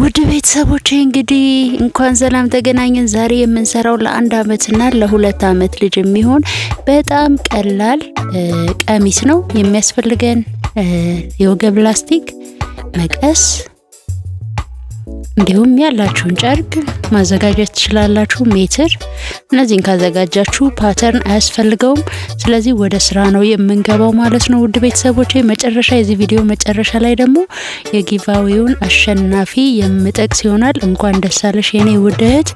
ውድ ቤተሰቦቼ እንግዲህ እንኳን ሰላም ተገናኘን። ዛሬ የምንሰራው ለአንድ አመትና ለሁለት አመት ልጅ የሚሆን በጣም ቀላል ቀሚስ ነው። የሚያስፈልገን የወገብ ላስቲክ፣ መቀስ እንዲሁም ያላችሁን ጨርቅ ማዘጋጀት ትችላላችሁ። ሜትር እነዚህን ካዘጋጃችሁ ፓተርን አያስፈልገውም። ስለዚህ ወደ ስራ ነው የምንገባው ማለት ነው። ውድ ቤተሰቦች መጨረሻ የዚህ ቪዲዮ መጨረሻ ላይ ደግሞ የጊቫዌውን አሸናፊ የምጠቅስ ይሆናል። እንኳን ደሳለሽ የኔ ውድ እህት።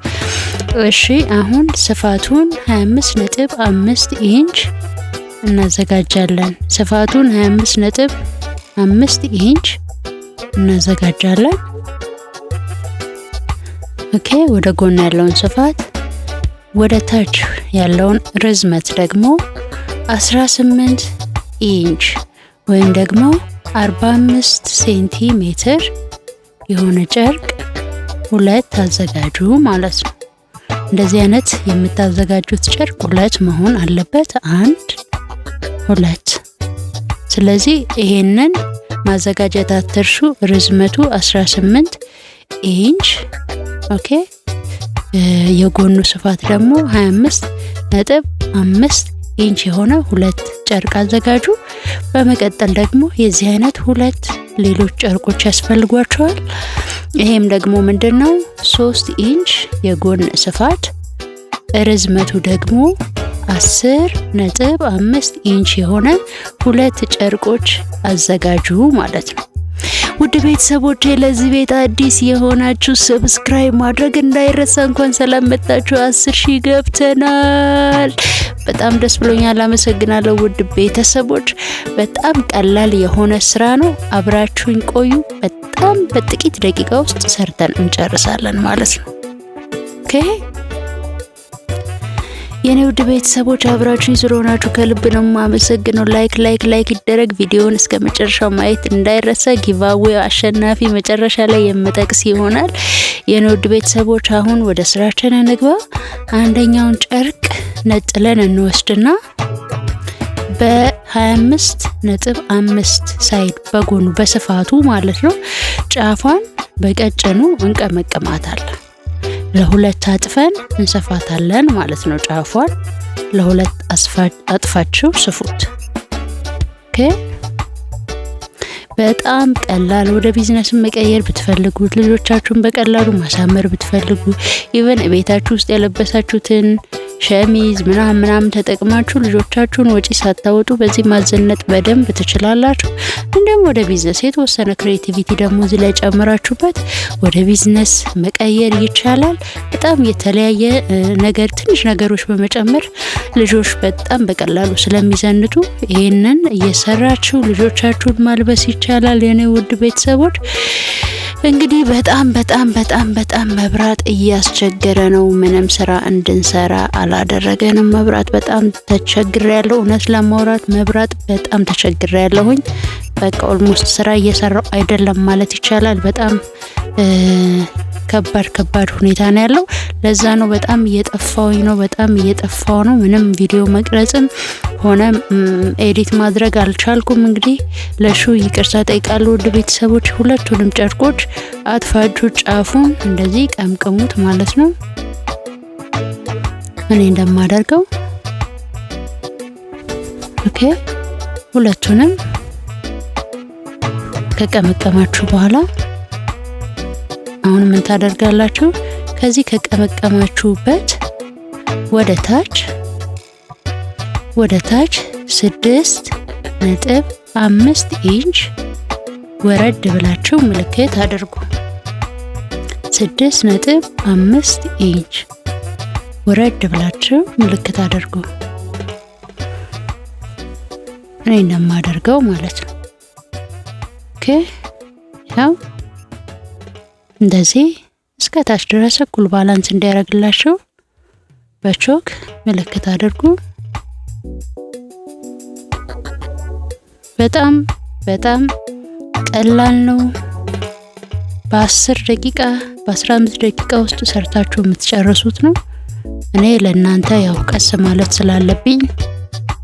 እሺ አሁን ስፋቱን 25 ነጥብ ኢንች እናዘጋጃለን። ስፋቱን 25 ነጥብ አምስት ኢንች እናዘጋጃለን። ኦኬ ወደ ጎን ያለውን ስፋት ወደ ታች ያለውን ርዝመት ደግሞ 18 ኢንች ወይም ደግሞ 45 ሴንቲሜትር የሆነ ጨርቅ ሁለት አዘጋጁ ማለት ነው። እንደዚህ አይነት የምታዘጋጁት ጨርቅ ሁለት መሆን አለበት። አንድ ሁለት። ስለዚህ ይሄንን ማዘጋጀት አትርሱ። ርዝመቱ 18 ኢንች ኦኬ የጎኑ ስፋት ደግሞ 25 ነጥብ አምስት ኢንች የሆነ ሁለት ጨርቅ አዘጋጁ። በመቀጠል ደግሞ የዚህ አይነት ሁለት ሌሎች ጨርቆች ያስፈልጓቸዋል። ይሄም ደግሞ ምንድን ነው ሶስት ኢንች የጎን ስፋት ርዝመቱ ደግሞ አስር ነጥብ አምስት ኢንች የሆነ ሁለት ጨርቆች አዘጋጁ ማለት ነው። ውድ ቤተሰቦቼ ለዚህ ቤት አዲስ የሆናችሁ ሰብስክራይብ ማድረግ እንዳይረሳ። እንኳን ሰላም መጣችሁ፣ አስር ሺ ገብተናል። በጣም ደስ ብሎኛል። አመሰግናለሁ ውድ ቤተሰቦች። በጣም ቀላል የሆነ ስራ ነው። አብራችሁኝ ቆዩ። በጣም በጥቂት ደቂቃ ውስጥ ሰርተን እንጨርሳለን ማለት ነው። ኦኬ የኔ ውድ ቤተሰቦች አብራችሁ ስለሆናችሁ ከልብ ነው የማመሰግነው። ላይክ ላይክ ላይክ ይደረግ። ቪዲዮውን እስከ መጨረሻው ማየት እንዳይረሳ። ጊቫዌ አሸናፊ መጨረሻ ላይ የምጠቅስ ይሆናል። የኔ ውድ ቤተሰቦች አሁን ወደ ስራችን እንግባ። አንደኛውን ጨርቅ ነጥለን እንወስድና በ25 ነጥብ አምስት ሳይድ በጎኑ በስፋቱ ማለት ነው ጫፏን በቀጭኑ እንቀመቅማታለን። ለሁለት አጥፈን እንሰፋታለን ማለት ነው። ጫፏን ለሁለት አጥፋችሁ ስፉት። ኦኬ በጣም ቀላል። ወደ ቢዝነስ መቀየር ብትፈልጉ፣ ልጆቻችሁን በቀላሉ ማሳመር ብትፈልጉ፣ ኢቨን ቤታችሁ ውስጥ የለበሳችሁትን ሸሚዝ ምናምን ምናምን ተጠቅማችሁ ልጆቻችሁን ወጪ ሳታወጡ በዚህ ማዘነጥ በደንብ ትችላላችሁ። ደግሞ ወደ ቢዝነስ የተወሰነ ክሬቲቪቲ ደግሞ እዚህ ላይ ጨምራችሁበት ወደ ቢዝነስ መቀየር ይቻላል። በጣም የተለያየ ነገር ትንሽ ነገሮች በመጨመር ልጆች በጣም በቀላሉ ስለሚዘንጡ ይህንን እየሰራችሁ ልጆቻችሁን ማልበስ ይቻላል። የኔ ውድ ቤተሰቦች እንግዲህ በጣም በጣም በጣም በጣም መብራት እያስቸገረ ነው። ምንም ስራ እንድንሰራ አላደረገንም። መብራት በጣም ተቸግሬ ያለው እውነት ለማውራት መብራት በጣም ተቸግሬ ያለሁኝ በቃ ኦልሞስት ስራ እየሰራው አይደለም ማለት ይቻላል። በጣም ከባድ ከባድ ሁኔታ ነው ያለው። ለዛ ነው በጣም እየጠፋውኝ ነው፣ በጣም እየጠፋው ነው። ምንም ቪዲዮ መቅረጽም ሆነ ኤዲት ማድረግ አልቻልኩም። እንግዲህ ለሹ ይቅርታ ጠይቃለሁ። ውድ ቤተሰቦች ሁለቱንም ጨርቆች አጥፋጁ፣ ጫፉን እንደዚህ ቀምቅሙት ማለት ነው እኔ እንደማደርገው ኦኬ ሁለቱንም ከቀመቀማችሁ በኋላ አሁን ምን ታደርጋላችሁ? ከዚህ ከቀመቀማችሁበት ወደ ታች ወደ ታች ስድስት ነጥብ አምስት ኢንች ወረድ ብላችሁ ምልክት አድርጉ። ስድስት ነጥብ አምስት ኢንች ወረድ ብላችሁ ምልክት አድርጉ። እኔ እንደማደርገው ማለት ነው። ልክ ያው እንደዚህ እስከ ታች ድረስ እኩል ባላንስ እንዲያደርግላቸው በቾክ ምልክት አድርጉ። በጣም በጣም ቀላል ነው። በአስር ደቂቃ በ15 ደቂቃ ውስጥ ሰርታችሁ የምትጨርሱት ነው። እኔ ለእናንተ ያው ቀስ ማለት ስላለብኝ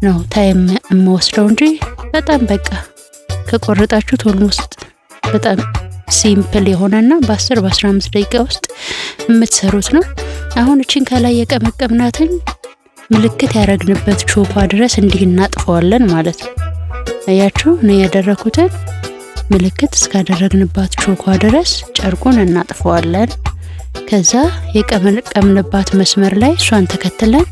ነው ታይም የምወስደው እንጂ በጣም በቃ ከቆረጣችሁት ኦልሞስት በጣም ሲምፕል የሆነና በ10 በ15 ደቂቃ ውስጥ የምትሰሩት ነው። አሁን እችን ከላይ የቀመቀምናትን ምልክት ያደረግንበት ቾፓ ድረስ እንዲህ እናጥፈዋለን ማለት ነው። አያችሁ እኔ ያደረኩትን ምልክት እስካደረግንባት ቾኳ ድረስ ጨርቁን እናጥፈዋለን። ከዛ የቀመቀምንባት መስመር ላይ እሷን ተከትለን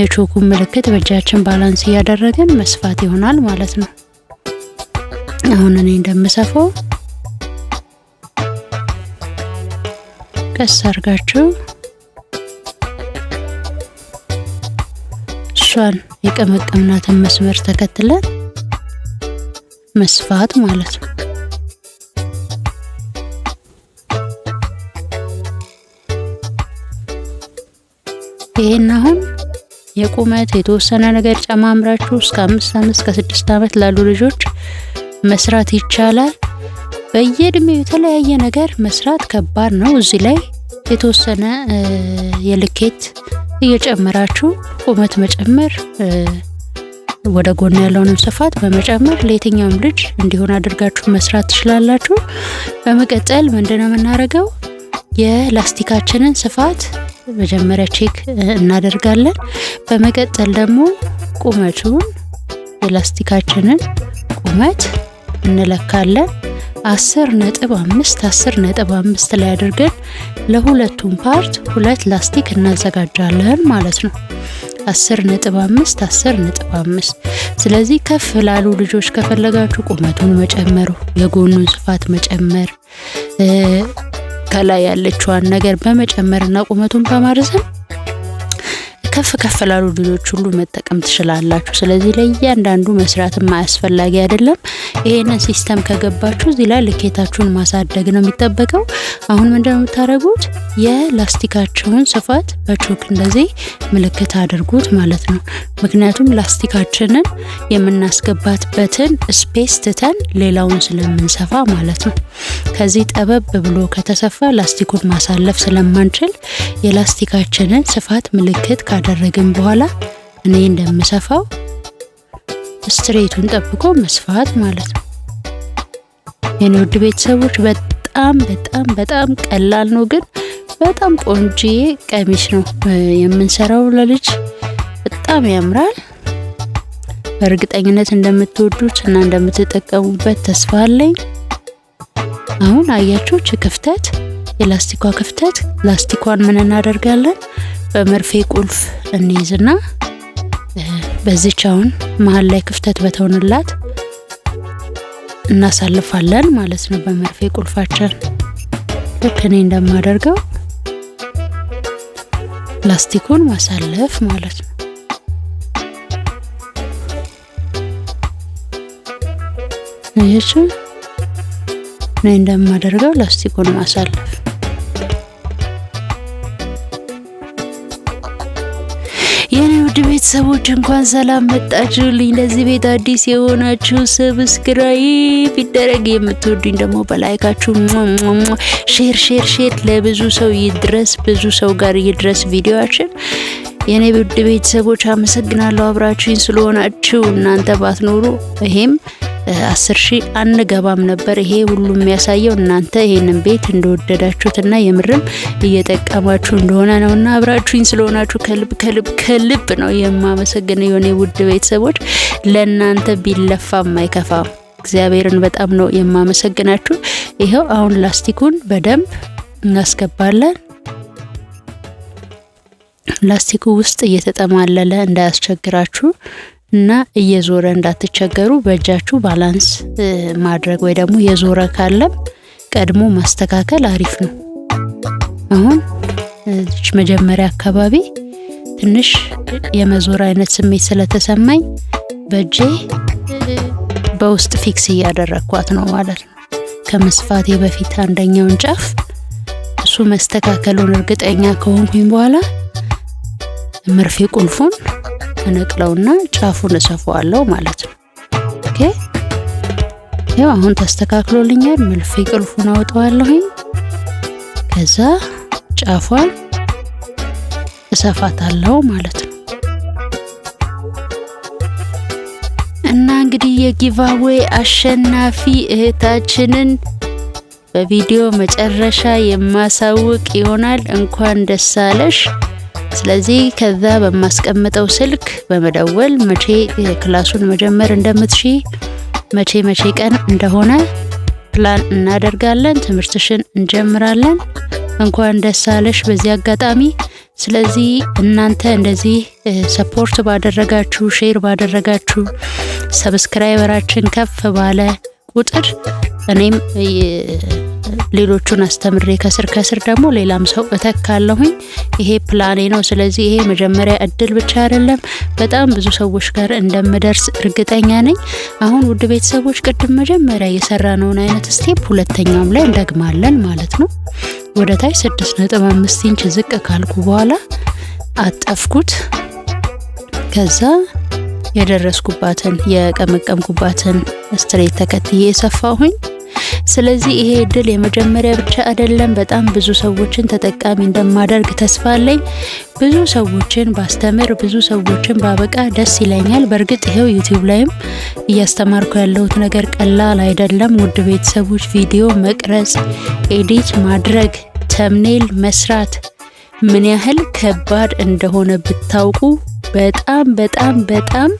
የቾኩን ምልክት በእጃችን ባላንስ እያደረግን መስፋት ይሆናል ማለት ነው። አሁን እኔ እንደምሰፋው ቀስ አድርጋችሁ እሷን የቀመቀምናትን መስመር ተከትለን መስፋት ማለት ነው። ይሄን አሁን የቁመት የተወሰነ ነገር ጨማምራችሁ እስከ አምስት ዓመት እስከ ስድስት ዓመት ላሉ ልጆች መስራት ይቻላል። በየእድሜው የተለያየ ነገር መስራት ከባድ ነው። እዚህ ላይ የተወሰነ የልኬት እየጨመራችሁ ቁመት መጨመር ወደ ጎን ያለውንም ስፋት በመጨመር ለየትኛውም ልጅ እንዲሆን አድርጋችሁ መስራት ትችላላችሁ። በመቀጠል ምንድነው የምናደርገው? የላስቲካችንን ስፋት መጀመሪያ ቼክ እናደርጋለን። በመቀጠል ደግሞ ቁመቱን የላስቲካችንን ቁመት እንለካለን። አስር ነጥብ አምስት አስር ነጥብ አምስት ላይ አድርገን ለሁለቱም ፓርት ሁለት ላስቲክ እናዘጋጃለን ማለት ነው። 10 ነጥብ 5 10 ነጥብ 5። ስለዚህ ከፍ ላሉ ልጆች ከፈለጋችሁ ቁመቱን መጨመር፣ የጎኑን ስፋት መጨመር ከላይ ያለችዋን ነገር በመጨመርና ቁመቱን በማርዘም ከፍ ከፍ ላሉ ልጆች ሁሉ መጠቀም ትችላላችሁ። ስለዚህ ለእያንዳንዱ መስራትም ማያስፈላጊ አይደለም። ይሄንን ሲስተም ከገባችሁ እዚህ ላይ ልኬታችሁን ማሳደግ ነው የሚጠበቀው። አሁን ምንድነው የምታደርጉት? የላስቲካችሁን ስፋት በቾክ እንደዚህ ምልክት አድርጉት ማለት ነው። ምክንያቱም ላስቲካችንን የምናስገባትበትን ስፔስ ትተን ሌላውን ስለምንሰፋ ማለት ነው። ከዚህ ጠበብ ብሎ ከተሰፋ ላስቲኩን ማሳለፍ ስለማንችል የላስቲካችንን ስፋት ምልክት ካደረግን በኋላ እኔ እንደምሰፋው ስትሬቱን ጠብቆ መስፋት ማለት ነው። የኔ ውድ ቤተሰቦች በጣም በጣም በጣም ቀላል ነው፣ ግን በጣም ቆንጆዬ ቀሚስ ነው የምንሰራው። ለልጅ በጣም ያምራል። በእርግጠኝነት እንደምትወዱት እና እንደምትጠቀሙበት ተስፋ አለኝ። አሁን አያችሁ ክፍተት የላስቲኳ ክፍተት ላስቲኳን ምን እናደርጋለን? በመርፌ ቁልፍ እንይዝና በዚች አሁን መሀል ላይ ክፍተት በተሆንላት እናሳልፋለን ማለት ነው። በመርፌ ቁልፋችን ልክ እኔ እንደማደርገው ላስቲኩን ማሳለፍ ማለት ነው። ይህች እኔ እንደማደርገው ላስቲኩን ማሳለፍ ቤተሰቦች እንኳን ሰላም መጣችሁልኝ። ለዚህ ቤት አዲስ የሆናችሁ ሰብስክራይብ ይደረግ፣ የምትወዱኝ ደግሞ በላይካችሁ ሼር ሼር ሼር ለብዙ ሰው ይድረስ፣ ብዙ ሰው ጋር ይድረስ ቪዲዮችን። የእኔ ውድ ቤተሰቦች አመሰግናለሁ አብራችሁኝ ስለሆናችሁ። እናንተ ባትኖሩ ይሄም አስር ሺህ አንገባም ነበር። ይሄ ሁሉ የሚያሳየው እናንተ ይሄንን ቤት እንደወደዳችሁትና የምርም እየጠቀማችሁ እንደሆነ ነውና አብራችሁኝ ስለሆናችሁ ከልብ ከልብ ከልብ ነው የማመሰግነው። የሆነ ውድ ቤተሰቦች ለእናንተ ቢለፋም አይከፋም። እግዚአብሔርን በጣም ነው የማመሰግናችሁ። ይኸው አሁን ላስቲኩን በደንብ እናስገባለን። ላስቲኩ ውስጥ እየተጠማለለ እንዳያስቸግራችሁ እና እየዞረ እንዳትቸገሩ በእጃችሁ ባላንስ ማድረግ ወይ ደግሞ የዞረ ካለም ቀድሞ ማስተካከል አሪፍ ነው። አሁን መጀመሪያ አካባቢ ትንሽ የመዞር አይነት ስሜት ስለተሰማኝ በእጄ በውስጥ ፊክስ እያደረግኳት ነው ማለት ነው። ከመስፋቴ በፊት አንደኛውን ጫፍ እሱ መስተካከሉን እርግጠኛ ከሆንኩኝ በኋላ መርፌ ቁልፉን እነቅለውና ጫፉን እሰፋዋለሁ ማለት ነው። ኦኬ ያው አሁን ተስተካክሎልኛል። መርፌ ቁልፉን አወጣዋለሁኝ። ከዛ ጫፏን እሰፋታለሁ ማለት ነው። እና እንግዲህ የጊቫዌ አሸናፊ እህታችንን በቪዲዮ መጨረሻ የማሳውቅ ይሆናል። እንኳን ደስ አለሽ። ስለዚህ ከዛ በማስቀምጠው ስልክ በመደወል መቼ ክላሱን መጀመር እንደምትሺ መቼ መቼ ቀን እንደሆነ ፕላን እናደርጋለን። ትምህርትሽን እንጀምራለን። እንኳን ደስ አለሽ በዚህ አጋጣሚ። ስለዚህ እናንተ እንደዚህ ሰፖርት ባደረጋችሁ፣ ሼር ባደረጋችሁ፣ ሰብስክራይበራችን ከፍ ባለ ቁጥር እኔም ሌሎቹን አስተምሬ ከስር ከስር ደግሞ ሌላም ሰው እተካለሁኝ። ይሄ ፕላኔ ነው። ስለዚህ ይሄ መጀመሪያ እድል ብቻ አይደለም፣ በጣም ብዙ ሰዎች ጋር እንደምደርስ እርግጠኛ ነኝ። አሁን ውድ ቤተሰቦች ቅድም መጀመሪያ የሰራነውን አይነት ስቴፕ ሁለተኛውም ላይ እንደግማለን ማለት ነው። ወደ ታች አምስት ኢንች ዝቅ ካልኩ በኋላ አጠፍኩት። ከዛ የደረስኩባትን የቀመቀምኩባትን ስትሬት ተከትዬ የሰፋሁኝ ስለዚህ ይሄ እድል የመጀመሪያ ብቻ አይደለም። በጣም ብዙ ሰዎችን ተጠቃሚ እንደማደርግ ተስፋ አለኝ። ብዙ ሰዎችን ባስተምር፣ ብዙ ሰዎችን ባበቃ ደስ ይለኛል። በእርግጥ ይሄው ዩቲዩብ ላይም እያስተማርኩ ያለሁት ነገር ቀላል አይደለም። ውድ ቤተሰቦች ቪዲዮ መቅረጽ፣ ኤዲት ማድረግ፣ ተምኔል መስራት ምን ያህል ከባድ እንደሆነ ብታውቁ በጣም በጣም በጣም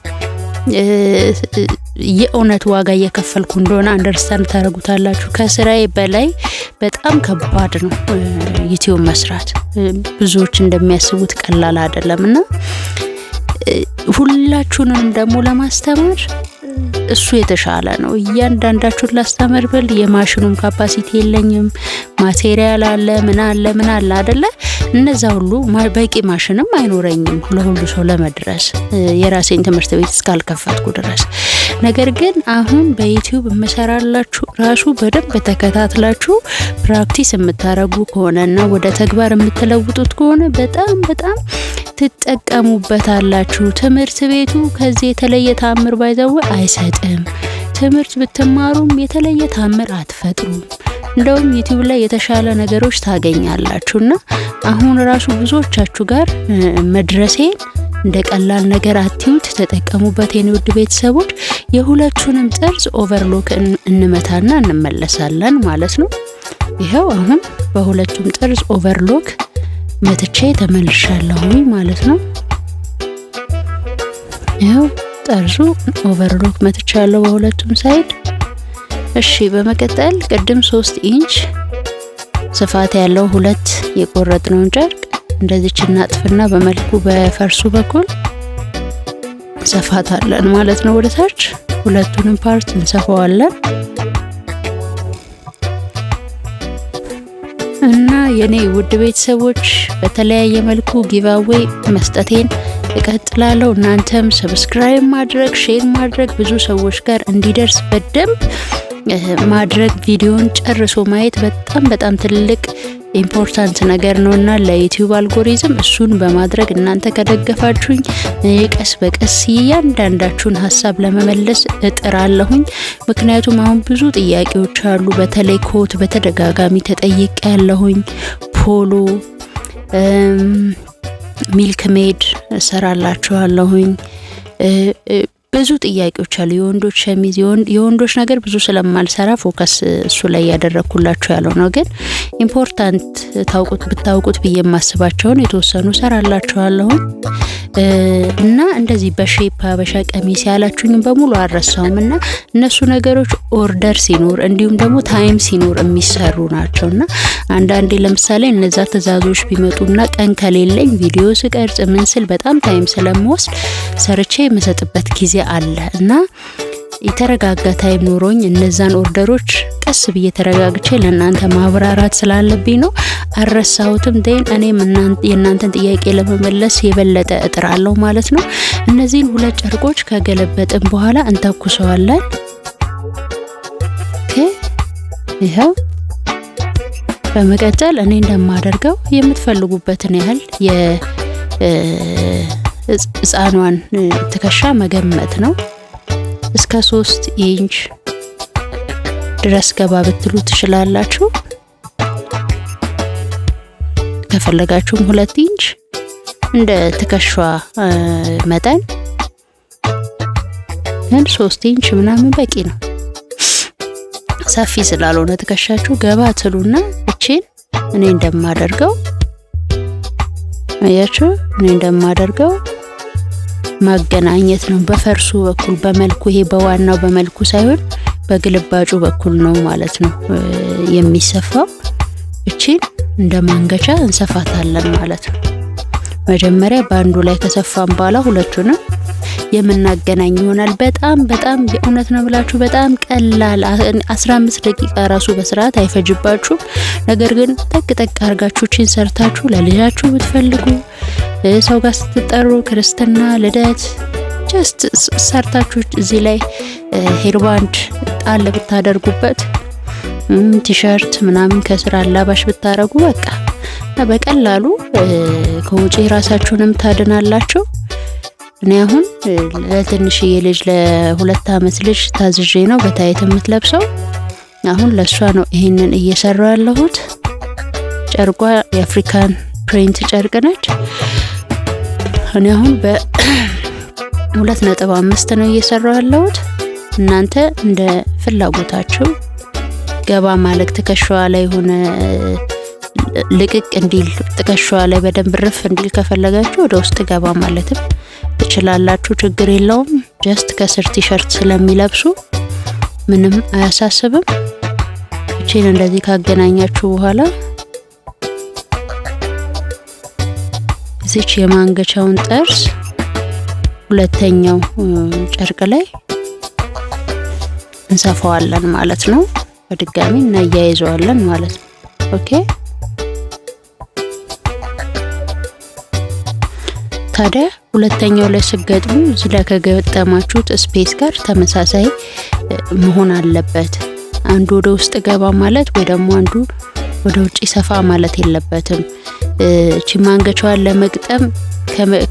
የእውነት ዋጋ እየከፈልኩ እንደሆነ አንደርስታንድ ታደርጉታላችሁ። ከስራዬ በላይ በጣም ከባድ ነው ዩቲዩብ መስራት። ብዙዎች እንደሚያስቡት ቀላል አይደለም እና ሁላችሁንም ደግሞ ለማስተማር እሱ የተሻለ ነው። እያንዳንዳችሁን ላስተምር ብል የማሽኑም ካፓሲቲ የለኝም። ማቴሪያል አለ ምን አለ ምን አለ አደለ? እነዛ ሁሉ በቂ ማሽንም አይኖረኝም ለሁሉ ሰው ለመድረስ የራሴን ትምህርት ቤት እስካልከፈትኩ ድረስ። ነገር ግን አሁን በዩትዩብ የምሰራላችሁ ራሱ በደንብ ተከታትላችሁ ፕራክቲስ የምታረጉ ከሆነ እና ወደ ተግባር የምትለውጡት ከሆነ በጣም በጣም ትጠቀሙበታላችሁ። ትምህርት ቤቱ ከዚህ የተለየ ታምር ባይዘው አይሰጥም። ትምህርት ብትማሩም የተለየ ታምር አትፈጥሩም። እንደውም ዩቲዩብ ላይ የተሻለ ነገሮች ታገኛላችሁና አሁን ራሱ ብዙዎቻችሁ ጋር መድረሴ እንደ ቀላል ነገር አትዩት፣ ተጠቀሙበት። የንውድ ቤተሰቦች የሁለቱንም ጠርዝ ኦቨርሎክ እንመታና እንመለሳለን ማለት ነው። ይኸው አሁን በሁለቱም ጠርዝ ኦቨርሎክ መጥቼ ተመልሻለሁኝ ማለት ነው። ይኸው ጠርዙ ኦቨርሎክ መጥቻለሁ ያለው በሁለቱም ሳይድ። እሺ በመቀጠል ቅድም ሶስት ኢንች ስፋት ያለው ሁለት የቆረጥነውን ጨርቅ እንደዚች እናጥፍና በመልኩ በፈርሱ በኩል አለን ማለት ነው። ወደታች ሁለቱንም ፓርት እንሰፋዋለን። እና የኔ ውድ ቤተሰቦች በተለያየ መልኩ ጊቫዌይ መስጠቴን እቀጥላለሁ። እናንተም ሰብስክራይብ ማድረግ፣ ሼር ማድረግ ብዙ ሰዎች ጋር እንዲደርስ በደንብ ማድረግ ቪዲዮን ጨርሶ ማየት በጣም በጣም ትልቅ ኢምፖርታንት ነገር ነውና ለዩቲዩብ አልጎሪዝም እሱን በማድረግ እናንተ ከደገፋችሁኝ ቀስ በቀስ እያንዳንዳችሁን ሀሳብ ለመመለስ እጥራለሁኝ። ምክንያቱም አሁን ብዙ ጥያቄዎች አሉ። በተለይ ኮት በተደጋጋሚ ተጠይቅ ያለሁኝ ፖሎ ሚልክ ሜድ እሰራላችኋለሁኝ ብዙ ጥያቄዎች አሉ። የወንዶች ሸሚዝ የወንዶች ነገር ብዙ ስለማልሰራ ፎከስ እሱ ላይ ያደረግኩላቸው ያለው ነው። ግን ኢምፖርታንት ታውቁት ብታውቁት ብዬ የማስባቸውን የተወሰኑ ሰራላችኋለሁን እና እንደዚህ በሼፕ ሀበሻ ቀሚስ ያላችሁኝም በሙሉ አልረሳውም። እና እነሱ ነገሮች ኦርደር ሲኖር እንዲሁም ደግሞ ታይም ሲኖር የሚሰሩ ናቸው እና አንዳንዴ ለምሳሌ እነዛ ትዕዛዞች ቢመጡና ቀን ከሌለኝ ቪዲዮ ስቀርጽ ምን ስል በጣም ታይም ስለምወስድ ሰርቼ የምሰጥበት ጊዜ አለ እና የተረጋጋ ታይም ኖሮኝ እነዛን ኦርደሮች ቀስ ብዬ ተረጋግቼ ለእናንተ ማብራራት ስላለብኝ ነው። አረሳሁትም ደን እኔም የእናንተን ጥያቄ ለመመለስ የበለጠ እጥራለሁ ማለት ነው። እነዚህን ሁለት ጨርቆች ከገለበጥን በኋላ እንተኩሰዋለን። ይኸው በመቀጠል እኔ እንደማደርገው የምትፈልጉበትን ያህል ህጻኗን ትከሻ መገመት ነው። እስከ ሶስት ኢንች ድረስ ገባ ብትሉ ትችላላችሁ። ከፈለጋችሁም ሁለት ኢንች እንደ ትከሻ መጠን ግን ሶስት ኢንች ምናምን በቂ ነው። ሰፊ ስላልሆነ ትከሻችሁ ገባ ትሉና እቺን እኔ እንደማደርገው አያችሁ፣ እኔ እንደማደርገው ማገናኘት ነው። በፈርሱ በኩል በመልኩ ይሄ በዋናው በመልኩ ሳይሆን በግልባጩ በኩል ነው ማለት ነው የሚሰፋው። እቺን እንደ ማንገቻ እንሰፋታለን ማለት ነው። መጀመሪያ በአንዱ ላይ ከሰፋን በኋላ ሁለቱንም የምናገናኝ ይሆናል። በጣም በጣም የእውነት ነው ብላችሁ በጣም ቀላል 15 ደቂቃ ራሱ በስርዓት አይፈጅባችሁም። ነገር ግን ጠቅ ጠቅ አድርጋችሁ ቺን ሰርታችሁ ለልጃችሁ ብትፈልጉ ሰው ጋር ስትጠሩ ክርስትና፣ ልደት ጀስት ሰርታችሁ እዚህ ላይ ሄርባንድ ጣል ብታደርጉበት ቲሸርት ምናምን ከስር አላባሽ ብታረጉ በቃ በቀላሉ ከውጪ ራሳችሁንም ታድናላችሁ። እኔ አሁን ለትንሽዬ ልጅ ለሁለት አመት ልጅ ታዝዤ ነው በታይት የምትለብሰው። አሁን ለእሷ ነው ይሄንን እየሰራ ያለሁት። ጨርቋ የአፍሪካን ፕሪንት ጨርቅ ነች። እኔ አሁን በሁለት ነጥብ አምስት ነው እየሰራው ያለሁት። እናንተ እንደ ፍላጎታችሁ ገባ ማለት ትከሻዋ ላይ ሆነ ልቅቅ እንዲል ትከሻዋ ላይ በደንብ ርፍ እንዲል ከፈለጋችሁ ወደ ውስጥ ገባ ማለትም ትችላላችሁ። ችግር የለውም። ጀስት ከስር ቲሸርት ስለሚለብሱ ምንም አያሳስብም። እቺን እንደዚህ ካገናኛችሁ በኋላ እዚች የማንገቻውን ጠርዝ ሁለተኛው ጨርቅ ላይ እንሰፋዋለን ማለት ነው። በድጋሚ እናያይዘዋለን ማለት ነው። ኦኬ ታዲያ ሁለተኛው ላይ ስገጥሙ እዚህ ላይ ከገጠማችሁት ስፔስ ጋር ተመሳሳይ መሆን አለበት። አንዱ ወደ ውስጥ ገባ ማለት ወይ ደግሞ አንዱ ወደ ውጭ ሰፋ ማለት የለበትም። ቺማንገቻዋን ለመግጠም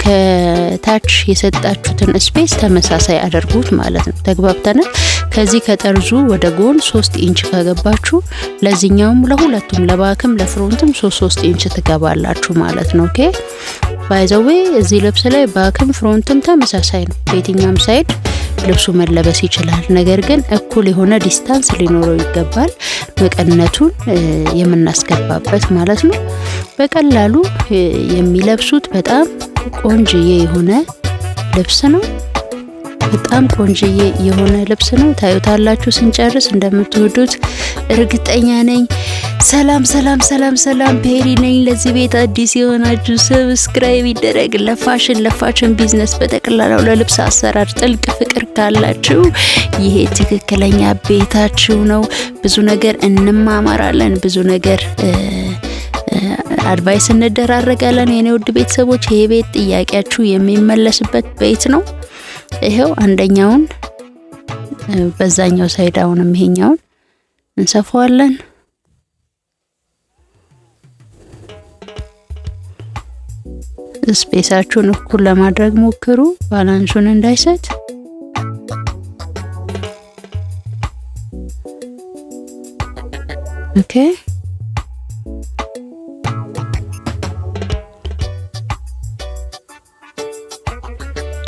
ከታች የሰጣችሁትን ስፔስ ተመሳሳይ አድርጉት ማለት ነው። ተግባብተናል። ከዚህ ከጠርዙ ወደ ጎን ሶስት ኢንች ከገባችሁ ለዚህኛውም ለሁለቱም ለባክም ለፍሮንትም ሶስት ሶስት ኢንች ትገባላችሁ ማለት ነው። ኦኬ ባይዘዌ እዚህ ልብስ ላይ ባክም ፍሮንትም ተመሳሳይ ነው በየትኛውም ሳይድ ልብሱ መለበስ ይችላል። ነገር ግን እኩል የሆነ ዲስታንስ ሊኖረው ይገባል። መቀነቱን የምናስገባበት ማለት ነው። በቀላሉ የሚለብሱት በጣም ቆንጅዬ የሆነ ልብስ ነው። በጣም ቆንጅዬ የሆነ ልብስ ነው። ታዩታላችሁ ስንጨርስ እንደምትወዱት እርግጠኛ ነኝ። ሰላም ሰላም ሰላም ሰላም፣ ፔሪ ነኝ። ለዚህ ቤት አዲስ የሆናችሁ ሰብስክራይብ ይደረግ። ለፋሽን ለፋሽን ቢዝነስ በጠቅላላው ለልብስ አሰራር ጥልቅ ፍቅር ካላችሁ ይሄ ትክክለኛ ቤታችሁ ነው። ብዙ ነገር እንማማራለን፣ ብዙ ነገር አድቫይስ እንደራረጋለን። የኔ ውድ ቤተሰቦች ይሄ ቤት ጥያቄያችሁ የሚመለስበት ቤት ነው። ይሄው አንደኛውን በዛኛው ሳይድ አሁንም ይሄኛውን እንሰፋዋለን። ስፔሳችሁን እኩል ለማድረግ ሞክሩ፣ ባላንሱን እንዳይሰጥ። ኦኬ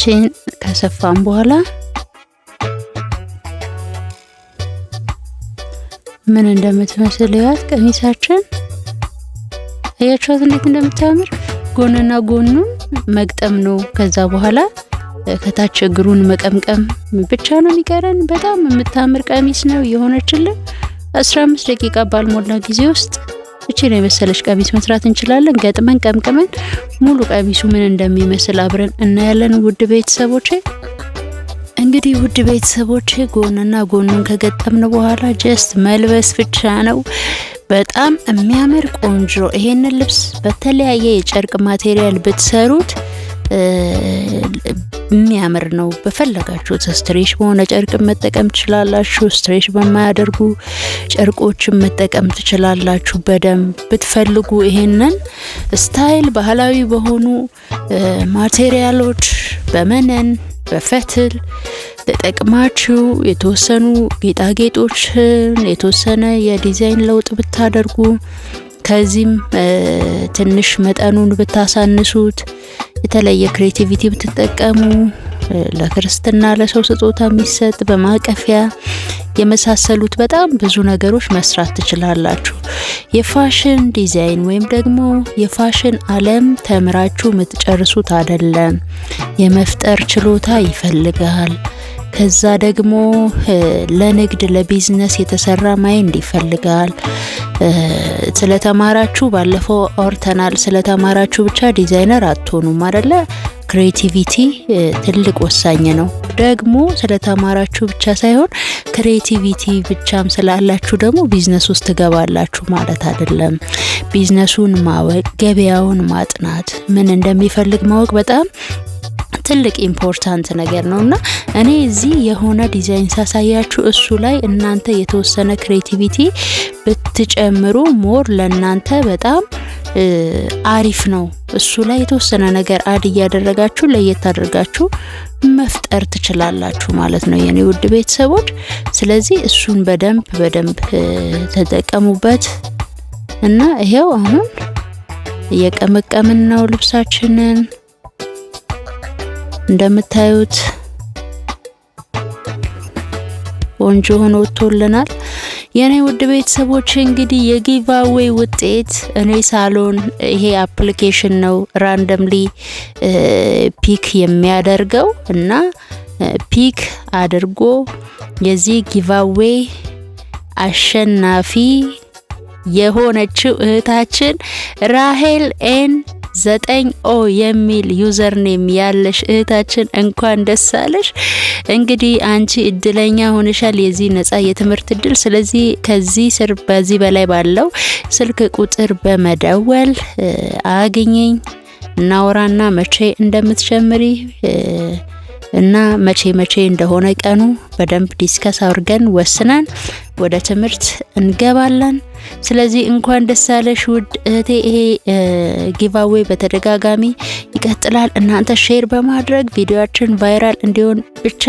እጃችን ከሰፋን በኋላ ምን እንደምትመስል ያት ቀሚሳችን አያችኋት እንዴት እንደምታምር ጎንና ጎኑን መግጠም ነው። ከዛ በኋላ ከታች እግሩን መቀምቀም ብቻ ነው የሚቀረን። በጣም የምታምር ቀሚስ ነው የሆነችልን። 15 ደቂቃ ባልሞላ ጊዜ ውስጥ እችን የመሰለች ቀሚስ መስራት እንችላለን። ገጥመን ቀምቅመን ሙሉ ቀሚሱ ምን እንደሚመስል አብረን እናያለን። ውድ ቤተሰቦቼ እንግዲህ ውድ ቤተሰቦቼ ጎንና ጎኑን ከገጠምን በኋላ ጀስት መልበስ ብቻ ነው። በጣም የሚያምር ቆንጆ። ይሄንን ልብስ በተለያየ የጨርቅ ማቴሪያል ብትሰሩት የሚያምር ነው። በፈለጋችሁት ስትሬች በሆነ ጨርቅ መጠቀም ትችላላችሁ። ስትሬች በማያደርጉ ጨርቆችን መጠቀም ትችላላችሁ። በደንብ ብትፈልጉ ይሄንን ስታይል ባህላዊ በሆኑ ማቴሪያሎች በመነን በፈትል ተጠቅማችሁ የተወሰኑ ጌጣጌጦችን የተወሰነ የዲዛይን ለውጥ ብታደርጉ ከዚህም ትንሽ መጠኑን ብታሳንሱት የተለየ ክሬቲቪቲ ብትጠቀሙ ለክርስትና ለሰው ስጦታ የሚሰጥ በማቀፊያ የመሳሰሉት በጣም ብዙ ነገሮች መስራት ትችላላችሁ። የፋሽን ዲዛይን ወይም ደግሞ የፋሽን ዓለም ተምራችሁ የምትጨርሱት አይደለም። የመፍጠር ችሎታ ይፈልጋል። ከዛ ደግሞ ለንግድ ለቢዝነስ የተሰራ ማይንድ ይፈልጋል። ስለተማራችሁ ባለፈው አውርተናል። ስለተማራችሁ ብቻ ዲዛይነር አትሆኑም አደለ? ክሬቲቪቲ ትልቅ ወሳኝ ነው። ደግሞ ስለተማራችሁ ብቻ ሳይሆን ክሬቲቪቲ ብቻም ስላላችሁ ደግሞ ቢዝነስ ውስጥ ትገባላችሁ ማለት አይደለም። ቢዝነሱን ማወቅ፣ ገበያውን ማጥናት፣ ምን እንደሚፈልግ ማወቅ በጣም ትልቅ ኢምፖርታንት ነገር ነው እና እኔ እዚህ የሆነ ዲዛይን ሳሳያችሁ እሱ ላይ እናንተ የተወሰነ ክሬቲቪቲ ብትጨምሩ ሞር ለእናንተ በጣም አሪፍ ነው። እሱ ላይ የተወሰነ ነገር አድ እያደረጋችሁ ለየት አድርጋችሁ መፍጠር ትችላላችሁ ማለት ነው የኔ ውድ ቤተሰቦች። ስለዚህ እሱን በደንብ በደንብ ተጠቀሙበት እና ይሄው አሁን እየቀመቀምን ነው ልብሳችንን እንደምታዩት ቆንጆ ሆኖ ወጥቶልናል። የኔ ውድ ቤተሰቦች እንግዲህ የጊቫዌይ ውጤት እኔ ሳሎን ይሄ አፕሊኬሽን ነው ራንደምሊ ፒክ የሚያደርገው እና ፒክ አድርጎ የዚህ ጊቫዌይ አሸናፊ የሆነችው እህታችን ራሄል ኤን ዘጠኝ ኦ የሚል ዩዘር ኔም ያለሽ እህታችን እንኳን ደስ አለሽ። እንግዲህ አንቺ እድለኛ ሆነሻል፣ የዚህ ነጻ የትምህርት እድል። ስለዚህ ከዚህ ስር በዚህ በላይ ባለው ስልክ ቁጥር በመደወል አግኘኝ፣ እናውራና መቼ እንደምትጀምሪ እና መቼ መቼ እንደሆነ ቀኑ በደንብ ዲስከስ አድርገን ወስነን ወደ ትምህርት እንገባለን። ስለዚህ እንኳን ደስ ያለሽ ውድ እህቴ። ይሄ ጊቫዌ በተደጋጋሚ ይቀጥላል። እናንተ ሼር በማድረግ ቪዲዮችን ቫይራል እንዲሆን ብቻ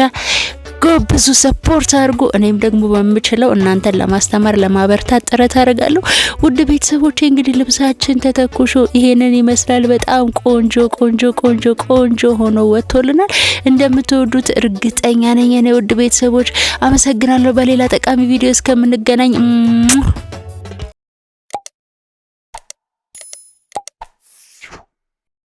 ጎብዙ፣ ሰፖርት አድርጉ። እኔም ደግሞ በምችለው እናንተን ለማስተማር ለማበርታት ጥረት አደርጋለሁ። ውድ ቤተሰቦቼ እንግዲህ ልብሳችን ተተኩሾ ይሄንን ይመስላል። በጣም ቆንጆ ቆንጆ ቆንጆ ቆንጆ ሆኖ ወጥቶልናል። እንደምትወዱት እርግጠኛ ነኝ። እኔ ውድ ቤተሰቦች አመሰግናለሁ። በሌላ ጠቃሚ ቪዲዮ እስከምንገናኝ